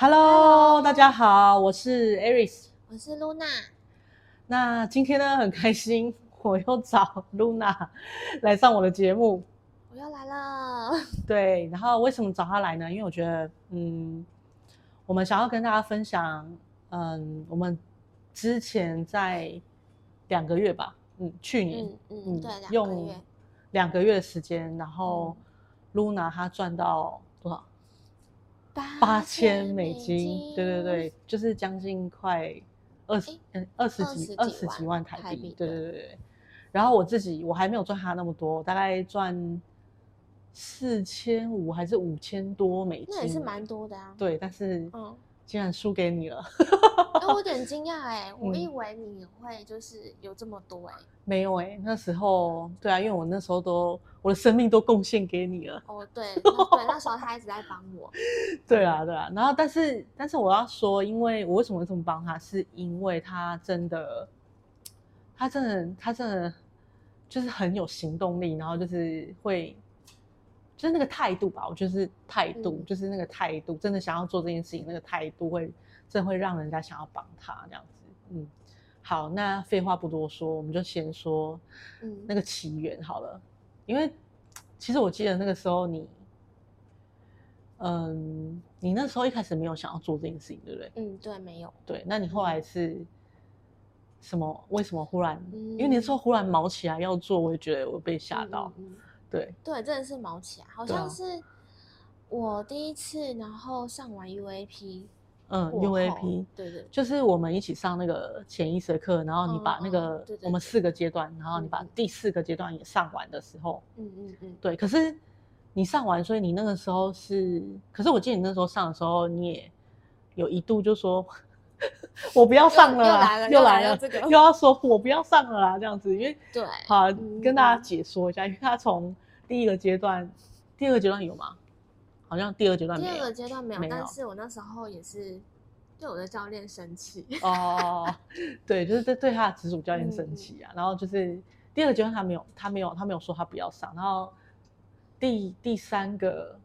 Hello，, Hello. 大家好，我是 Aris，我是 Luna。那今天呢，很開心，我又找 Luna 來上我的節目。我又來了。對，然後為什麼找她來呢？因為我覺得，嗯，我們想要跟大家分享，嗯，我們之前在兩個月吧，嗯，去年，嗯，嗯，對，嗯、兩個月，用兩個月的時間，然後 Luna 她賺到。八千美金，美金，對對對，就是將近快二十，嗯，二十幾，二十幾萬台幣，台幣，對對對對，嗯，然後我自己我還沒有賺他那麼多，大概賺四千五還是五千多美金，那也是蠻多的啊。對，但是嗯，竟然輸給你了。嗯。哎，但我有點驚訝哎，我以為你會就是有這麼多哎、欸嗯，沒有哎、欸，那時候對啊，因為我那時候都我的生命都貢獻給你了哦，對對，那時候他一直在幫我， 對啊對啊，然後但是但是我要說，因為我為什麼會這麼幫他，是因為他真的，他真的他真的就是很有行動力，然後就是會，就是那個態度吧，我就是態度，嗯、就是那個態度，真的想要做這件事情那個態度會。這會讓人家想要幫他這樣子，嗯，好，那廢話不多說，我們就先說，那個起源好了，嗯、因為其實我記得那個時候你，嗯，你那時候一開始沒有想要做這件事情，對不對？嗯，對，沒有，對，那你後來是，嗯、什麼？為什麼忽然？嗯、因為你那時候忽然毛起來要做，我也覺得我被嚇到，嗯嗯、對，對，真的是毛起來，好像是、啊、我第一次，然後上完 UAP。嗯後，UAP，對，對對，就是我們一起上那個潛意識的課，然後你把那個我們四個階段，哦、然後你把第四個階段也上完的時候，嗯嗯嗯，對。可是你上完，所以你那個時候是，可是我記得你那時候上的時候，你也有一度就說，我不要上了，又來了，又這個又要說，我不要上了啦，這樣子，因為對，好、啊嗯、跟大家解說一下，因為他從第一個階段，第二個階段有嗎？好像第二階段，第二個階段沒有，沒有，但是我那時候也是對我的教練生氣哦， 對，就是對對他的直屬教練生氣啊。嗯、然後就是第二個階段他沒有，他沒有，他沒有說他不要上。然後第第三個，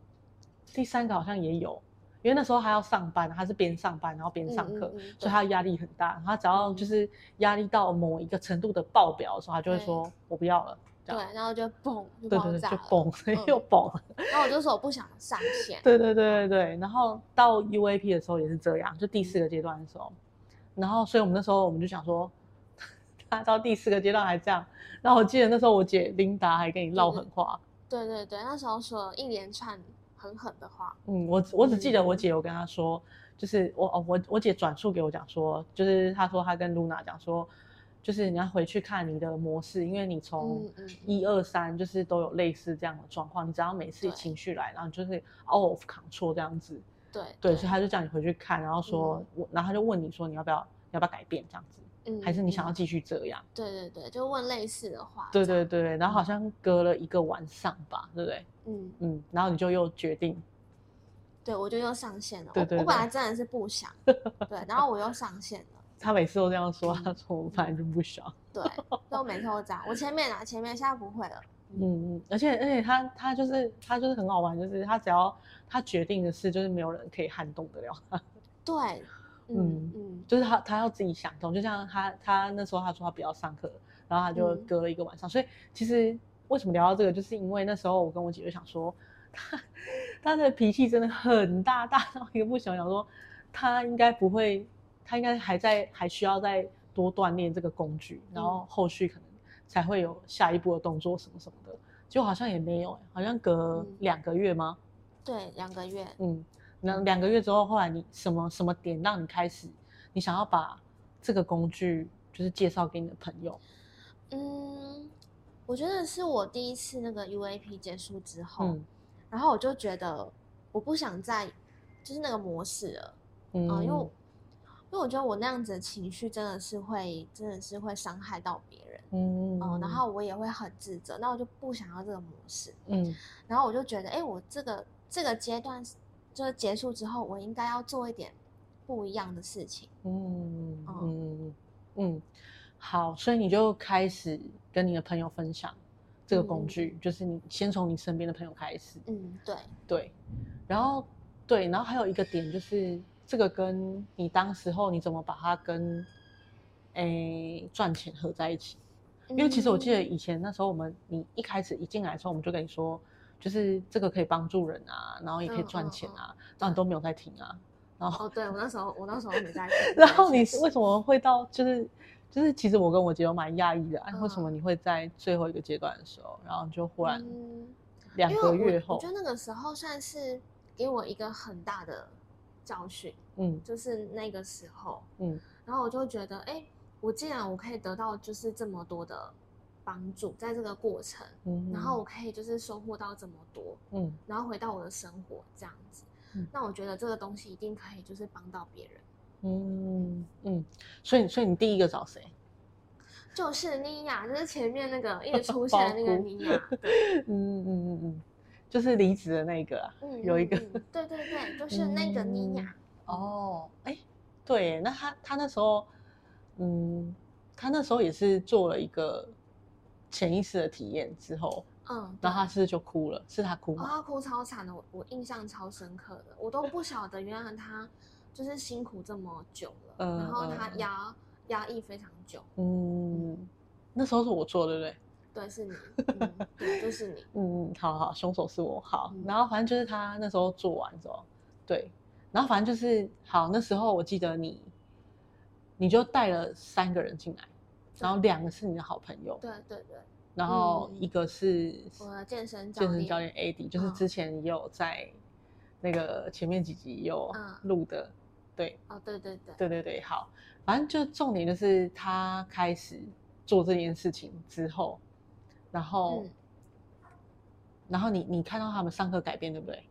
第三個好像也有，因為那時候他要上班，他是邊上班然後邊上課，嗯嗯嗯，所以他壓力很大。然後他只要就是壓力到某一個程度的爆表的時候，嗯嗯，他就會說我不要了。嗯對，然後就嘣，就爆炸了，對對對，就崩，又崩、嗯、然後我就說我不想上線。對對對對對，嗯、然後到 UAP 的時候也是這樣，就第四個階段的時候，嗯、然後所以我們那時候我們就想說，他 到第四個階段還這樣。然後我記得那時候我姐琳達還跟你嘮狠話。對，對對對，那時候說了一連串狠狠的話。嗯，我我只記得我姐有跟他說，嗯、就是我哦我我姐轉述給我講說，就是她說她跟露娜講說。就是你要回去看你的模式，因為你從一二三就是都有類似這樣的狀況，你只要每次情緒來，然後就是 out of control 這樣子。對對，所以他就叫你回去看，然後說，然後他就問你說你要不要要不要改變這樣子，嗯，還是你想要繼續這樣？對對對，就問類似的話。對對對，然後好像隔了一個晚上吧，對不對？嗯嗯，然後你就又決定，對我就又上線了。我我本來真的是不想，對，然後我又上線了。他每次都這樣說，嗯、他說我反正就不想。對， 都每次都這樣。我前面拿、啊、前面現在不會了。嗯嗯，而且而且、欸、他他就是他就是很好玩，就是他只要他決定的事，就是沒有人可以撼動得了他。對，嗯嗯，就是他他要自己想通。就像他他那時候他說他不要上課，然後他就隔了一個晚上。嗯、所以其實為什麼聊到這個，就是因為那時候我跟我姐、姐就想說，他他的脾氣真的很大，大到一個不行。想說他應該不會。他應該還在，還需要再多鍛鍊這個工具，然後後續可能才會有下一步的動作什麼什麼的，就好像也沒有、欸，好像隔兩個月嗎？嗯、對，兩個月。嗯，那兩個月之後，後來你什麼什麼點讓你開始，你想要把這個工具就是介紹給你的朋友？嗯，我覺得是我第一次那個 UAP 結束之後，嗯、然後我就覺得我不想再就是那個模式了，嗯、啊，因為。因為我覺得我那樣子的情緒真的是會，真的是會傷害到別人，嗯，嗯，然後我也會很自責，那我就不想要這個模式，嗯，然後我就覺得，哎，我這個這個階段就是結束之後，我應該要做一點不一樣的事情，嗯嗯嗯，嗯，好，所以你就開始跟你的朋友分享這個工具，嗯，就是你先從你身邊的朋友開始，嗯，對對，然後對，然後還有一個點就是。這個跟你當時候你怎麼把它跟，哎賺錢合在一起？因為其實我記得以前那時候我們，你一開始一進來的時候我們就跟你說，就是這個可以幫助人啊，然後也可以賺錢啊，哦哦哦，然後你都沒有在聽啊。對，然後哦對，對我那時候我那時候沒在聽。在然後你為什麼會到就是就是其實我跟我姐有蠻訝異的，哦啊，為什麼你會在最後一個階段的時候，然後就忽然兩個月後，我，我覺得那個時候算是給我一個很大的教訓，嗯，就是那個時候，嗯，然後我就覺得，哎、欸，我既然我可以得到就是這麼多的幫助，在這個過程，嗯，然後我可以就是收穫到這麼多，嗯，然後回到我的生活這樣子，嗯、那我覺得這個東西一定可以就是幫到別人，嗯嗯，嗯，所以所以你第一個找誰？就是妮雅，就是前面那個一直出現的那個妮雅，嗯嗯嗯嗯。就是離職的那一個、啊，嗯、有一個、嗯，對對對，就是那個妮婭、嗯、哦，對，那他他那時候，嗯，他那時候也是做了一個潛意識的體驗之後，嗯，然後他是就哭了，是他哭嗎？哦、他哭超慘的，我我印象超深刻的，我都不曉得，原來他就是辛苦這麼久了，嗯、然後他壓壓、嗯、抑非常久，嗯，那時候是我做對不對？對，是你，嗯、就是你。嗯 嗯，好好，凶手是我。好，嗯、然後反正就是他那時候做完之後，對，然後反正就是好。那時候我記得你，你就帶了三個人進來，對然後兩個是你的好朋友，對對對，對對然後、嗯、一個是 die, 我的健身健身教練 AD 就是之前有在那個前面幾集有錄的，嗯、對，哦對對對，對對對,對,對，好，反正就重點就是他開始做這件事情之後。然後，嗯、然後你你看到他們上課改變對不對？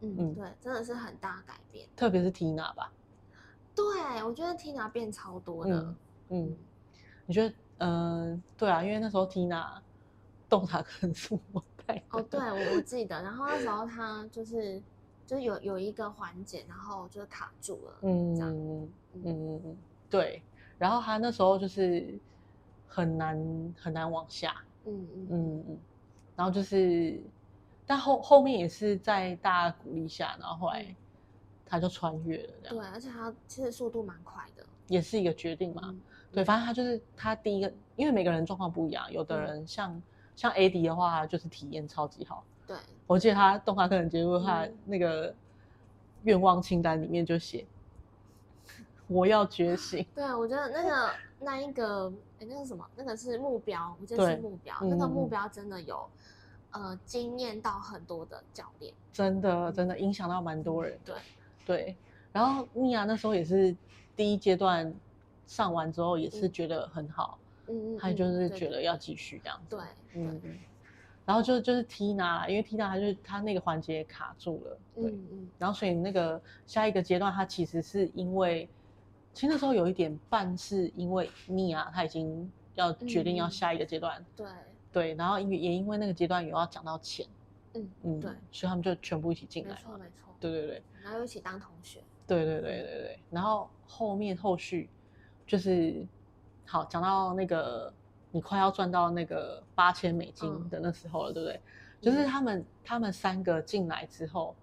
嗯嗯，嗯對，真的是很大改變。特別是 Tina 吧？對，我覺得 Tina 變超多的、嗯。嗯，你覺得？嗯、呃，對啊，因為那時候 Tina 動他跟什麼？哦，對，我不記得。 然後那時候他就是就是有有一個環節，然後就是卡住了。嗯嗯嗯，嗯對。然後他那時候就是很難很難往下。嗯嗯嗯，然後就是，但後後面也是在大家鼓勵下，然後後來他就穿越了，這樣，對，而且他其實速度蠻快的，也是一個決定嘛。嗯、對，反正他就是他第一個，因為每個人狀況不一樣，有的人像、嗯、像 AD 的話，就是體驗超級好。對，我記得他動畫課程結束，嗯、他那個願望清單裡面就寫。我要覺醒。對，我覺得那個那一個哎，那個什麼，那個是目標，我覺得是目標。對，那個目標真的有，嗯、呃，驚艷到很多的教練。真的，真的影響到蠻多人。嗯、對對。然後妮亞那時候也是第一階段上完之後也是覺得很好，嗯嗯，嗯嗯嗯，她就是覺得要繼續這樣子。對，嗯。然後就就是 Tina 啦，因為 Tina 她就是她那個環節卡住了，對、嗯嗯、然後所以那個下一個階段她其實是因為。其實那時候有一點半是因為你啊，他已經要決定要下一個階段。嗯、對對，然後也也因為那個階段有要講到錢，嗯嗯，嗯對，所以他們就全部一起進來了沒，沒錯沒錯，對對對，然後一起當同學。對，對對對對對，然後後面後續就是好講到那個你快要賺到那個八千美金的那時候了，嗯、對不對？就是他們、嗯、他們三個進來之後，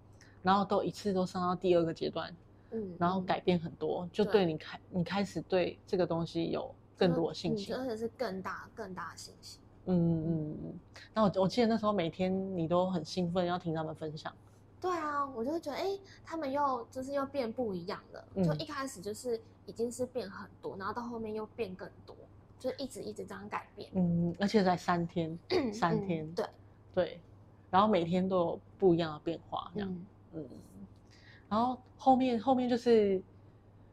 然後都一次都上到第二個階段。嗯，然後改變很多，嗯、就對你開，對你開始對這個東西有更多的興趣，而且是，是更大、更大的信心。嗯嗯嗯。那我我記得那時候每天你都很興奮，要聽他們分享。對啊，我就會覺得，哎、欸，他們又就是又變不一樣了。嗯、就一開始就是已經是變很多，然後到後面又變更多，就一直一直這樣改變。嗯，而且在三天，嗯、三天。嗯、對對，然後每天都有不一樣的變化，這樣。嗯。嗯然後後面後面就是，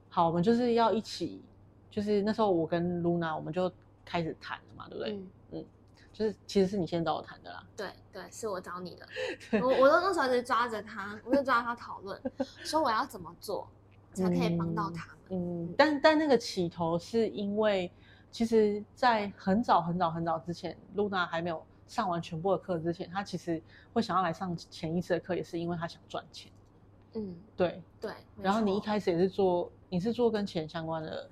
好，我們就是要一起，就是那時候我跟露娜，我們就開始談了嘛，對不對？嗯，嗯，就是其實是你先找我談的啦。對對，是我找你的。對我我都那時候就抓着他，我就抓着他討論， 說我要怎麼做才可以幫到他。嗯，但但那個起頭是因為，其實在很早很早很早之前，露娜還沒有上完全部的課之前，她其實會想要來上前一次的課，也是因為她想賺錢。嗯，對對，然後你一開始也是做，你是做跟錢相關的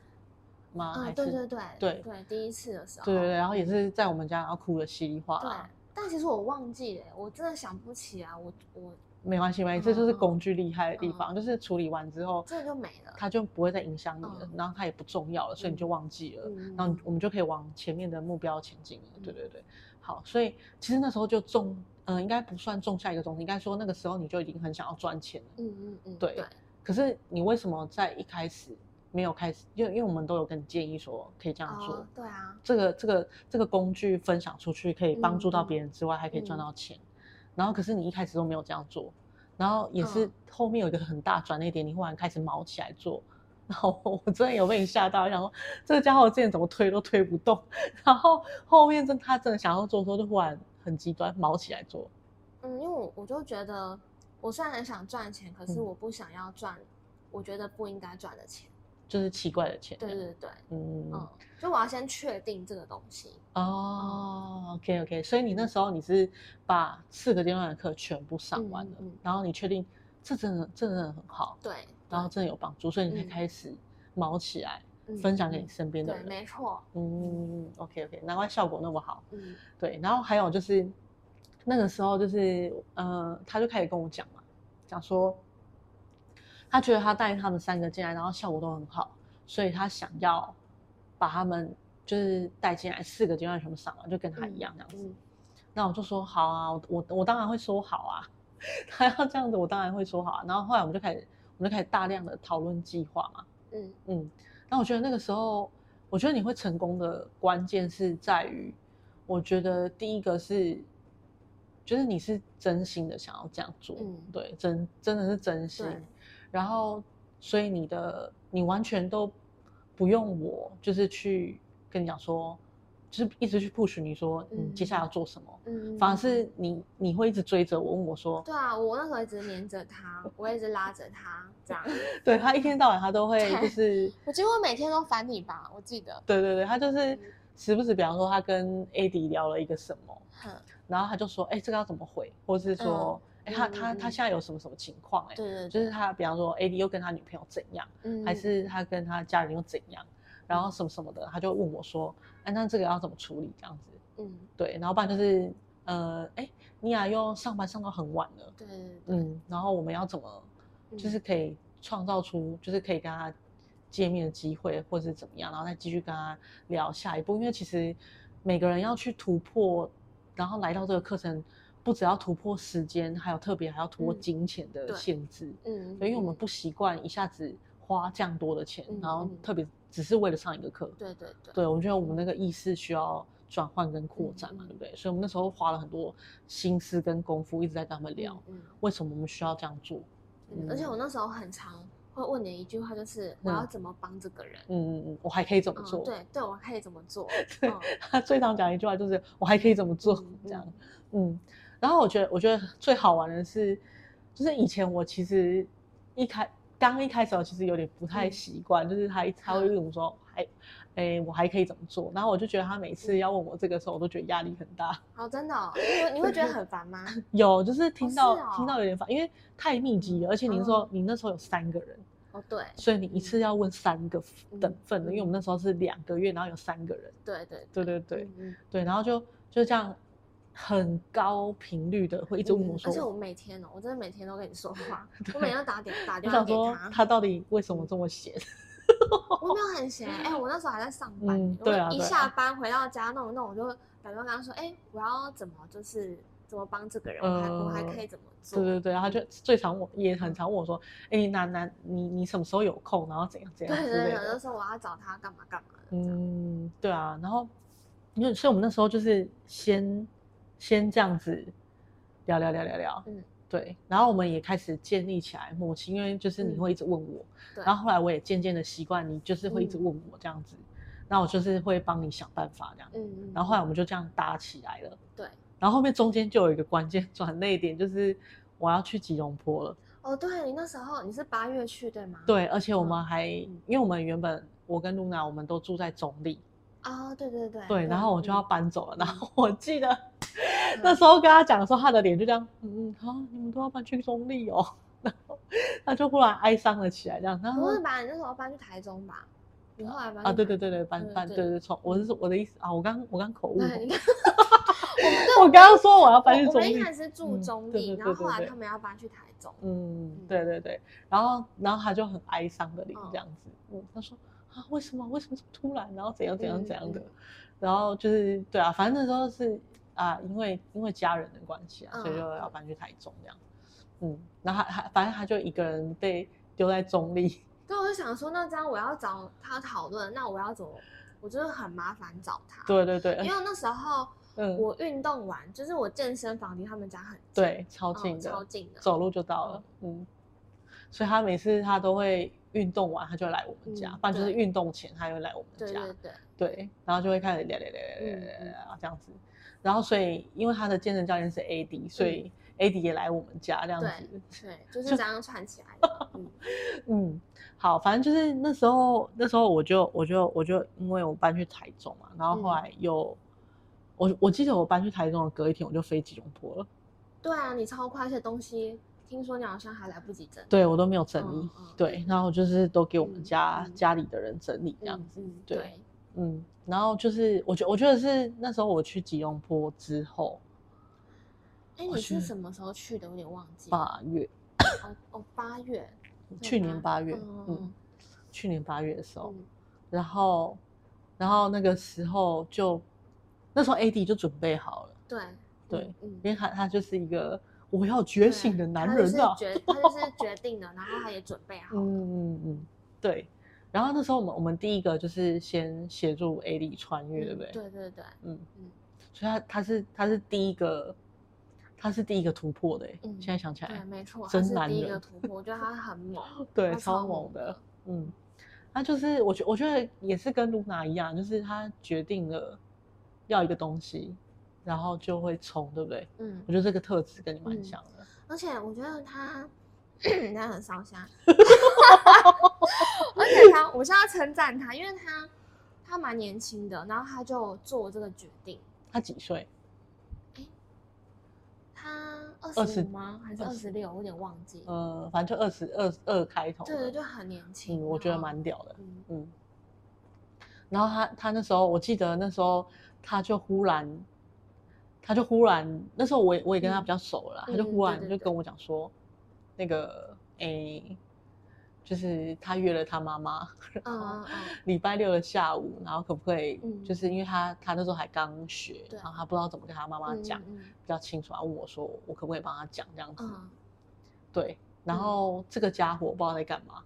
嗎？啊，還是？對對對，對對，第一次的時候，對對對，然後也是在我們家，然後哭的稀里嘩啦。對，但其實我忘記了，我真的想不起啊，我我沒關係，沒關係，這就是工具厲害的地方，就是處理完之後這就沒了，它就不會再影響你了，然後它也不重要了，所以你就忘記了，然後我們就可以往前面的目標前進了，對對對，好，所以其實那時候就重。嗯，應該不算種下一個東西，應該說那個時候你就已經很想要賺錢了。嗯嗯嗯，嗯對。嗯、可是你為什麼在一開始沒有開始？因為因為我們都有跟你建議說可以這樣做。哦、對啊。這個這個這個工具分享出去，可以幫助到別人之外，嗯、還可以賺到錢。嗯、然後可是你一開始都沒有這樣做。嗯、然後也是後面有一個很大轉捩點，嗯、你忽然開始毛起來做。然後我真的有被你嚇到， 想說這個傢伙之前怎麼推都推不動。然後後面真他真的想要做說，說就忽然。很極端，卯起來做。嗯，因為我我就覺得，我雖然很想賺錢，可是我不想要賺，我覺得不應該賺的錢，就是奇怪的錢。對對對，嗯嗯，就我要先確定這個東西。哦，OK OK，所以你那時候你是把四個階段的課全部上完了，然後你確定這真的真的真的很好，對，然後真的有幫助，所以你才開始卯起來。分享給你身邊的人，嗯、對沒錯。嗯，OK OK，難怪效果那麼好。嗯，對。然後還有就是，那個時候就是，嗯、呃，他就開始跟我講嘛，講說，他覺得他帶他們三個進來，然後效果都很好，所以他想要把他們就是帶進來，四個階段全部上完，就跟他一樣這樣子。那、嗯嗯、我就說好啊，我我當然會說好啊。他要這樣子，我當然會說好啊。然後後來我們就開始，我們就開始大量的討論計劃嘛。嗯嗯。嗯那我覺得那個時候，我覺得你會成功的關鍵是在於，我覺得第一個是，就是你是真心的想要這樣做，嗯、對，真真的是真心，對然後所以你的你完全都不用我，就是去跟你講說。就是一直去 push 你說你、嗯嗯、接下來要做什麼，嗯，反而是你你會一直追着我問我說，對啊，我那時候一直黏着他， 我一直拉着他這樣， 對他一天到晚他都會就是， 我幾乎每天都煩你吧，我記得，對對對，他就是時不時，比方說他跟 AD 聊了一個什麼，嗯，然後他就說，哎、欸，這個要怎麼回，或是說，哎、嗯欸、他他他現在有什麼什麼情況、欸，哎，對,對對，就是他比方說 AD、欸、又跟他女朋友怎樣，嗯，還是他跟他家人又怎樣。然後什麼什麼的，他就問我說：“哎、啊，那這個要怎麼處理？”這樣子，嗯，對。然後不然就是，呃，哎、欸，你倆、啊、又上班上到很晚了，對，對嗯。然後我們要怎麼，就是可以創造出，嗯、就是可以跟他見面的機會，或者是怎麼樣，然後再繼續跟他聊下一步。因為其實每個人要去突破，然後來到這個課程，不只要突破時間，還有特別還要突破金錢的限制，嗯。所、嗯嗯、因為我們不習慣一下子花這樣多的錢，嗯、然後特別。只是為了上一個課，對對對，對，我覺得我們那個意識需要轉換跟擴展嘛、啊，嗯、對不對？所以我們那時候花了很多心思跟功夫，一直在跟他們聊，嗯、為什麼我們需要這樣做。嗯嗯、而且我那時候很常會問你一句話，就是、嗯、我要怎麼幫這個人？嗯嗯嗯，我還可以怎麼做？哦、對對，我還可以怎麼做？對哦、他最常講一句話就是我還可以怎麼做？嗯、這樣，嗯。然後我覺得，我覺得最好玩的是，就是以前我其實一開。剛一開始我其實有點不太習慣，就是他他會問我說，哎，我還可以怎麼做？然後我就覺得他每次要問我這個時候，我都覺得壓力很大。哦，真的，你你會覺得很煩嗎？有，就是聽到聽到有點煩，因為太密集了，而且您說你那時候有三個人。哦，對。所以你一次要問三個等份的，因為我們那時候是兩個月，然後有三個人。對對對對對，對，然後就就這樣。很高頻率的會一直問我說、嗯，而且我每天哦，我真的每天都跟你說話， 對我每天都打電打電話給他，他到底為什麼這麼閒？嗯、 我沒有很閒，哎、欸，我那時候還在上班，嗯、對啊，一下班回到家弄弄，那那我就感覺、嗯啊、跟他說，哎、欸，我要怎麼就是怎麼幫這個人，呃、我還可以怎麼做？對對對、啊，然後就最常問，也很常問我說，哎、欸，楠楠，你你什麼時候有空？然後怎樣怎樣？對對對，有的時候我要找他幹嘛幹嘛？幹嘛嗯，對啊，然後因為所以，我們那時候就是先。先這樣子聊聊聊聊聊，嗯，對，然後我們也開始建立起來默契，因為就是你會一直問我，嗯、對然後後來我也漸漸的習慣，你就是會一直問我這樣子，那、嗯、我就是會幫你想辦法這樣子，嗯，然後後來我們就這樣搭起來了，對，然後後面中間就有一個關鍵轉捩點，就是我要去吉隆坡了，哦，對，你那時候你是八月去對嗎？對，而且我們還，嗯、因為我們原本，我跟露娜我們都住在中壢。啊，對對對對，然後我就要搬走了。然後我記得那時候跟他講說，他的臉就這樣，嗯，嗯，好，你們都要搬去中壢哦。然後他就忽然哀傷了起來，這樣。不是吧？你那時候搬去台中吧？你後來搬啊？對對對對，搬搬對對錯。我是我的意思啊，我剛我剛口誤。我我剛剛說我要搬去中壢。我一開始是住中壢，然後後來他們要搬去台中。嗯，對對對。然後然後他就很哀傷的臉這樣子。嗯，他說。啊，為什麼？為什麼這麼突然？然後怎樣怎樣怎樣的，嗯、然後就是對啊，反正那時候是啊，因為因為家人的關係啊，所以就要搬去台中那樣。嗯，那、嗯、他他反正他就一個人被丟在中壢。對，我就想說，那這樣我要找他討論，那我要怎麼？我就是很麻煩找他。對對對，因為那時候我運動完，嗯、就是我健身房離他們家很近，對，超近的，哦、超近的，走路就到了。嗯，嗯，所以他每次他都會。運動完他就來我們家，不然就是運動前他又來我們家，對對對，然後就會開始咧咧咧咧咧啊這樣子，然後所以因為他的健身教練是 AD，所以 AD 也來我們家這樣子，對，就是這樣串起來。嗯，好，反正就是那時候那時候我就我就我就因為我搬去台中嘛，然後後來又我我記得我搬去台中隔一天我就飛吉隆坡了。對啊，你超快一些東西。聽說你好像還來不及整理，對，我都沒有整理，對，然後就是都給我們家家裡的人整理這樣子，對，嗯，然後就是我覺得，我覺得是那時候我去吉隆坡之後，哎，你是什麼時候去的？有點忘記。八月，哦，八月，去年八月，嗯，去年八月的時候，然後，然後那個時候就那時候 AD 就準備好了，對，對，因為他他就是一個。我要覺醒的男人的、啊、他就是決，就是決定了 然後他也準備好了嗯嗯嗯，對。然後那時候我們，我們第一個就是先協助 A d 穿越，對不對？嗯、對對嗯嗯。嗯，所以他他是他是第一個，他是第一個突破的、欸。嗯，現在想起來，沒錯，他是第一個突破，我覺得他很猛，對，超，超猛的。嗯，他就是我覺，我覺得也是跟露娜一樣，就是他決定了要一個東西。然後就會衝，對不對？嗯，我覺得這個特質跟你蠻像的、嗯嗯。而且我覺得他，他很燒香。而且他，我現在稱讚他，因為他他蠻年輕的。然後他就做這個決定。他幾歲？欸、他二十五嗎？20，還是二十六？我有點忘記。呃，反正就二十二二開頭。對對，就很年輕。嗯、後我覺得蠻屌的。嗯，嗯。然後他他那時候，我記得那時候他就忽然。他就忽然那時候，我也我也跟他比較熟了，嗯、他就忽然就跟我講說，嗯、對對對那個誒、欸，就是他約了他媽媽，嗯、然後禮拜六的下午，嗯、然後可不可以？嗯、就是因為他他那時候還剛學，嗯、然後他不知道怎麼跟他媽媽講，嗯、比較清楚，他問我說我可不可以幫他講這樣子？嗯、對，然後這個家伙不知道在幹嘛，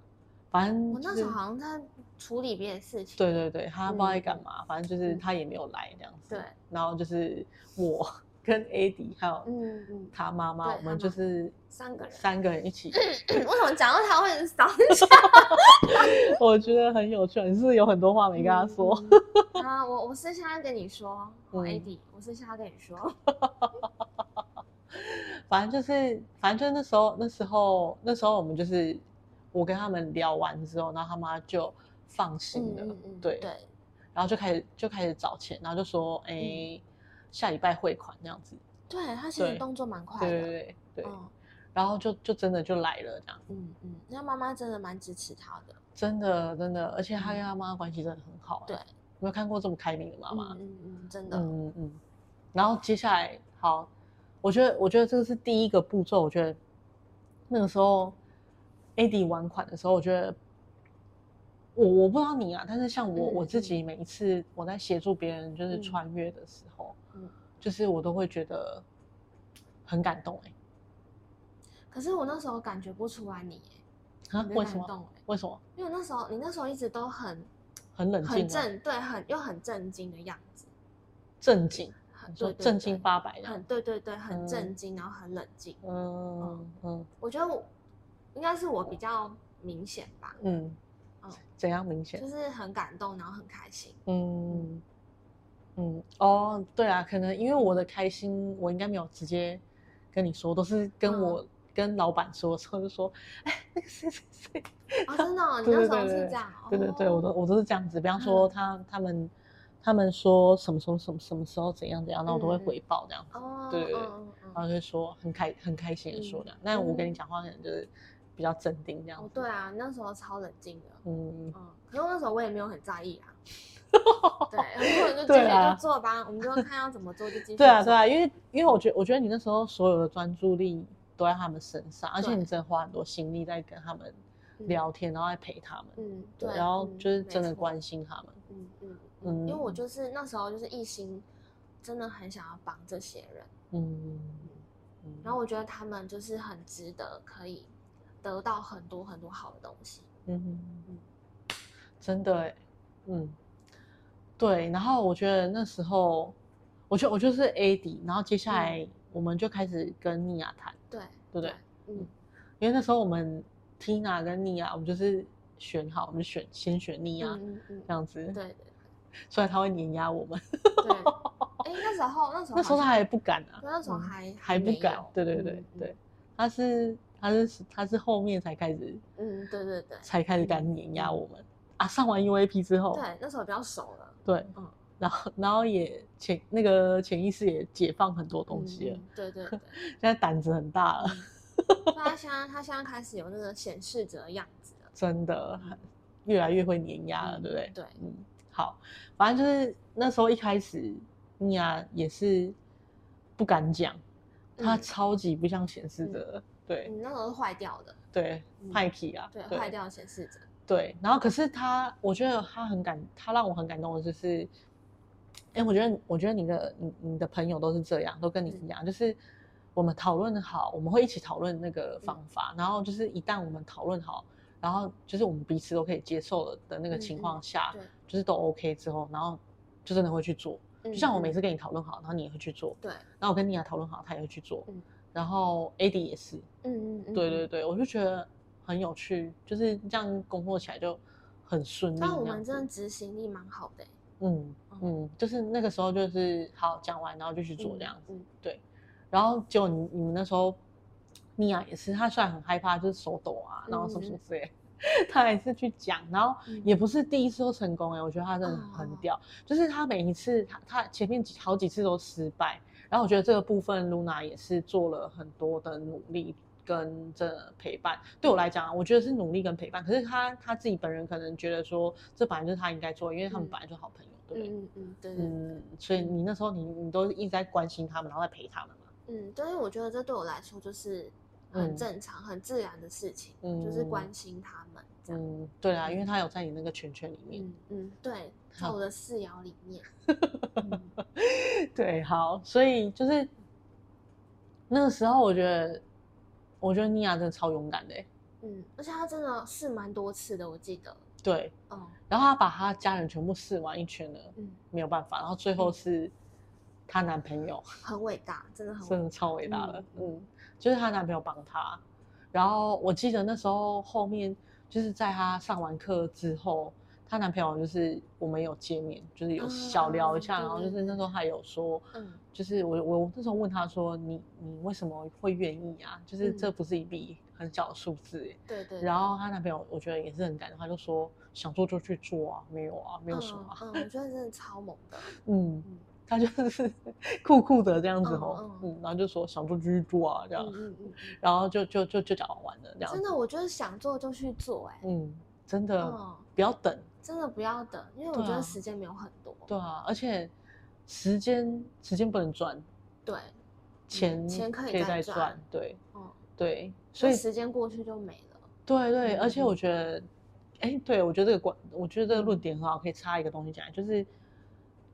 反正我、就是哦、那時候好像他。處理別的事情，對對對，他不知道在幹嘛，嗯、反正就是他也沒有來這樣子。嗯、對，然後就是我跟 AD 還有媽媽嗯嗯，他媽媽，我們就是三個人，三個人一起。嗯、為什麼講到他會很少？ 我覺得很有趣，你是不是有很多話沒跟他說、嗯。 啊，我我私下跟你說我 AD 我私下跟你說。反正就是，反正就是那時候，那時候，那時候我們就是我跟他們聊完之後，然後他媽就。放心的，對對，然後就開始就開始找錢，然後就說哎，下禮拜匯款那樣子。對，他其實動作蠻快的，對對，然後就就真的就來了這樣。嗯嗯，那媽媽真的蠻支持他的，真的真的，而且他跟他媽媽關係真的很好。對，有沒有看過這麼開明的媽媽？嗯嗯，真的。嗯嗯。然後接下來，好，我覺得我覺得這個是第一個步驟。我覺得那個時候 AD 玩款的時候，我覺得。我我不知道你啊，但是像我我自己每一次我在協助別人就是穿越的時候，就是我都會覺得很感動哎。可是我那時候感覺不出來你哎，為什麼？為什麼？因為那時候你那時候一直都很很冷靜，很正對，很又很正經的樣子，正經，很正經八百的，很對對對，很正經，然後很冷靜。嗯嗯，我覺得我應該是我比較明顯吧。嗯。怎樣明顯？就是很感動，然後很開心。嗯嗯哦，對啊，可能因為我的開心，我應該沒有直接跟你說，都是跟我、嗯、跟老板說的時候，就是說，哎，那個誰誰誰啊，真的，你那時候是這樣，對對對，我都我都是這樣子。比方說他，他、嗯、他們他們說什麼什麼什麼什麼時候怎樣怎樣，那我都會回報這樣子，對對、嗯、對，嗯、然後就會說很開很開心的說的。嗯、那我跟你講話可能就是。比較鎮定這樣。對啊，那時候超冷靜的。嗯嗯。可是那時候我也沒有很在意啊。對，然後我們就直接就做吧，我們就看要怎麼做就繼續做。對啊，對啊，因為因為我覺得我覺得你那時候所有的專注力都在他們身上，而且你真的花很多心力在跟他們聊天，然後在陪他們。嗯。對。然後就是真的關心他們。嗯嗯。嗯，因為我就是那時候就是一心真的很想要幫這些人。嗯嗯。然後我覺得他們就是很值得可以得到很多很多好的東西，嗯嗯，真的哎、欸，嗯，對，然後我覺得那時候，我就我就是阿迪，然後接下來我們就開始跟尼亞談，對、嗯、對不對？嗯，因為那時候我們 TINA 跟尼亞，我們就是選好，我們選先選尼亞、嗯、嗯嗯、這樣子，對對，所以他會碾壓我們，哎， 那時候那時候那時候他還不敢啊，那時候，那時候還、嗯、還不敢，對對對對，他、嗯嗯、是。他是他是後面才開始，嗯，對對對，才開始敢碾壓我們、嗯、啊！上完 UAP 之後，對，那時候比較熟了，對，嗯然，然後然後也潛那個潛意識也解放很多東西了，嗯、對對對，現在膽子很大了，嗯、 他現在他現在開始有那個顯示者的樣子了，真的越來越會碾壓了，對不對？嗯、對，嗯，好，反正就是那時候一開始你啊也是不敢講，他超級不像顯示者。嗯嗯對，那時候是壞掉的，對，Pike 啊，對，壞掉的顯示器。對，然後可是他，我覺得他很感，他讓我很感動的就是，哎，我覺得，我覺得你的，你你的朋友都是這樣，都跟你一樣，就是我們討論好，我們會一起討論那個方法，然後就是一旦我們討論好，然後就是我們彼此都可以接受了的那個情況下，就是都 OK 之後，然後就真的會去做。就像我每次跟你討論好，然後你也會去做。對，然後我跟你也討論好，他也會去做。然後 AD 也是，嗯，嗯嗯嗯，對對對，我就覺得很有趣，就是這樣工作起來就很順利那。那我們真的執行力蠻好的，欸。嗯、哦、嗯，就是那個時候就是好講完，然後就去做這樣子。嗯嗯對。然後結果你你們那時候，尼亞也是，他雖然很害怕，就是手抖啊，嗯嗯，然後什麼什麼之類，他還是去講。然後也不是第一次都成功哎、欸，我覺得他真的很屌，哦、就是他每一次她他前面幾好幾次都失敗。然後我覺得這個部分 Luna 也是做了很多的努力跟這陪伴。對我來講、啊，我覺得是努力跟陪伴。可是她她自己本人可能覺得說，這本來就是她應該做，因為他們本來就是好朋友，對不、嗯、對？嗯嗯嗯，所以你那時候你你都一直在關心他們，然後在陪他們嘛？嗯，對。因為我覺得這對我來說就是很正常、很自然的事情，嗯，就是關心他們嗯，這樣。對啊，因為他有在你那個圈圈裡面。嗯，嗯，對。在我的室友裡面，好 嗯、對，好，所以就是那個時候，我覺得，我覺得妮亞真的超勇敢的，欸，嗯，而且她真的試蠻多次的，我記得，對，哦、然後她把她家人全部試完一圈了，嗯，沒有辦法，然後最後是她男朋友，嗯、很偉大，真的很偉大，真的超偉大了。嗯，嗯，就是她男朋友幫她，然後我記得那時候後面就是在她上完課之後。她男朋友就是我們有見面，就是有小聊一下，oh, okay. 然後就是那時候還有說，嗯、就是我我那時候問他說你，你你為什麼會願意啊？就是這不是一筆很小的數字，嗯、對，對對。然後她男朋友我覺得也是很感動，他就說想做就去做啊，沒有啊，沒有什麼。啊，oh, oh, oh, 我覺得真的超猛的。嗯，嗯，他就是酷酷的這樣子哦，oh. Oh, oh. 嗯，然後就說想做就去做啊這樣，oh, oh, oh. 然後就就就就講完了這樣。真的，我就是想做就去做哎、欸。嗯，真的、oh. 不要等。真的不要等，因為我覺得時間沒有很多對、啊。對啊，而且時間時間不能賺。對錢賺、嗯。錢可以再賺，對。嗯。對，所以時間過去就沒了。對，對對，嗯嗯，而且我覺得，哎、欸，對我覺得這個觀，我覺得這個論點很好，可以插一個東西講，就是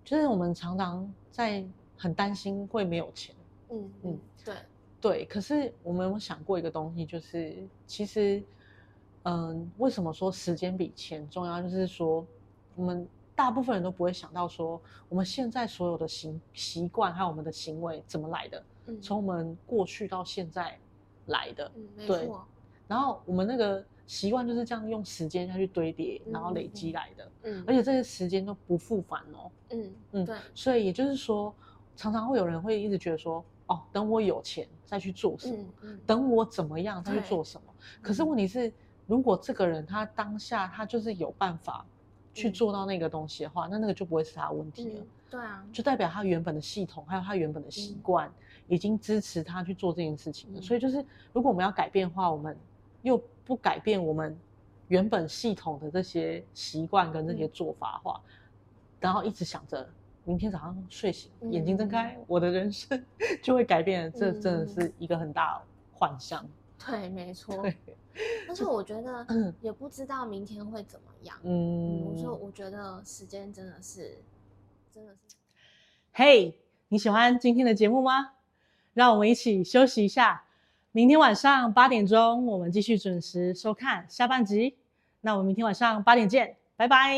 就是我們常常在很擔心會沒有錢。嗯嗯。嗯對。對，可是我們有沒有想過一個東西，就是其實。嗯，為什麼說時間比錢重要？就是說，我們大部分人都不會想到說，我們現在所有的行習慣還有我們的行為怎麼來的？從我們過去到現在來的。對，沒錯。然後我們那個習慣就是這樣用時間下去堆疊，然後累積來的。嗯，而且這些時間都不復返哦。嗯嗯，對。所以也就是說，常常會有人會一直覺得說，哦，等我有錢再去做什麼，等我怎麼樣再去做什麼。可是問題是。如果這個人他當下他就是有辦法去做到那個東西的話，嗯、那那個就不會是他的問題了。嗯、對啊，就代表他原本的系統還有他原本的習慣、嗯、已經支持他去做這件事情了。嗯、所以就是，如果我們要改變的話，我們又不改變我們原本系統的這些習慣跟這些做法的話，嗯、然後一直想着明天早上睡醒、嗯、眼睛睜開，我的人生就會改變，嗯、這真的是一個很大幻象。對，沒錯。對但是我覺得也不知道明天會怎麼樣。我說、嗯，嗯、我覺得時間真的是，真的是。嘿，hey, 你喜歡今天的節目嗎？讓我們一起休息一下。明天晚上八點鐘，我們繼續準時收看下半集。那我們明天晚上八點見，拜拜。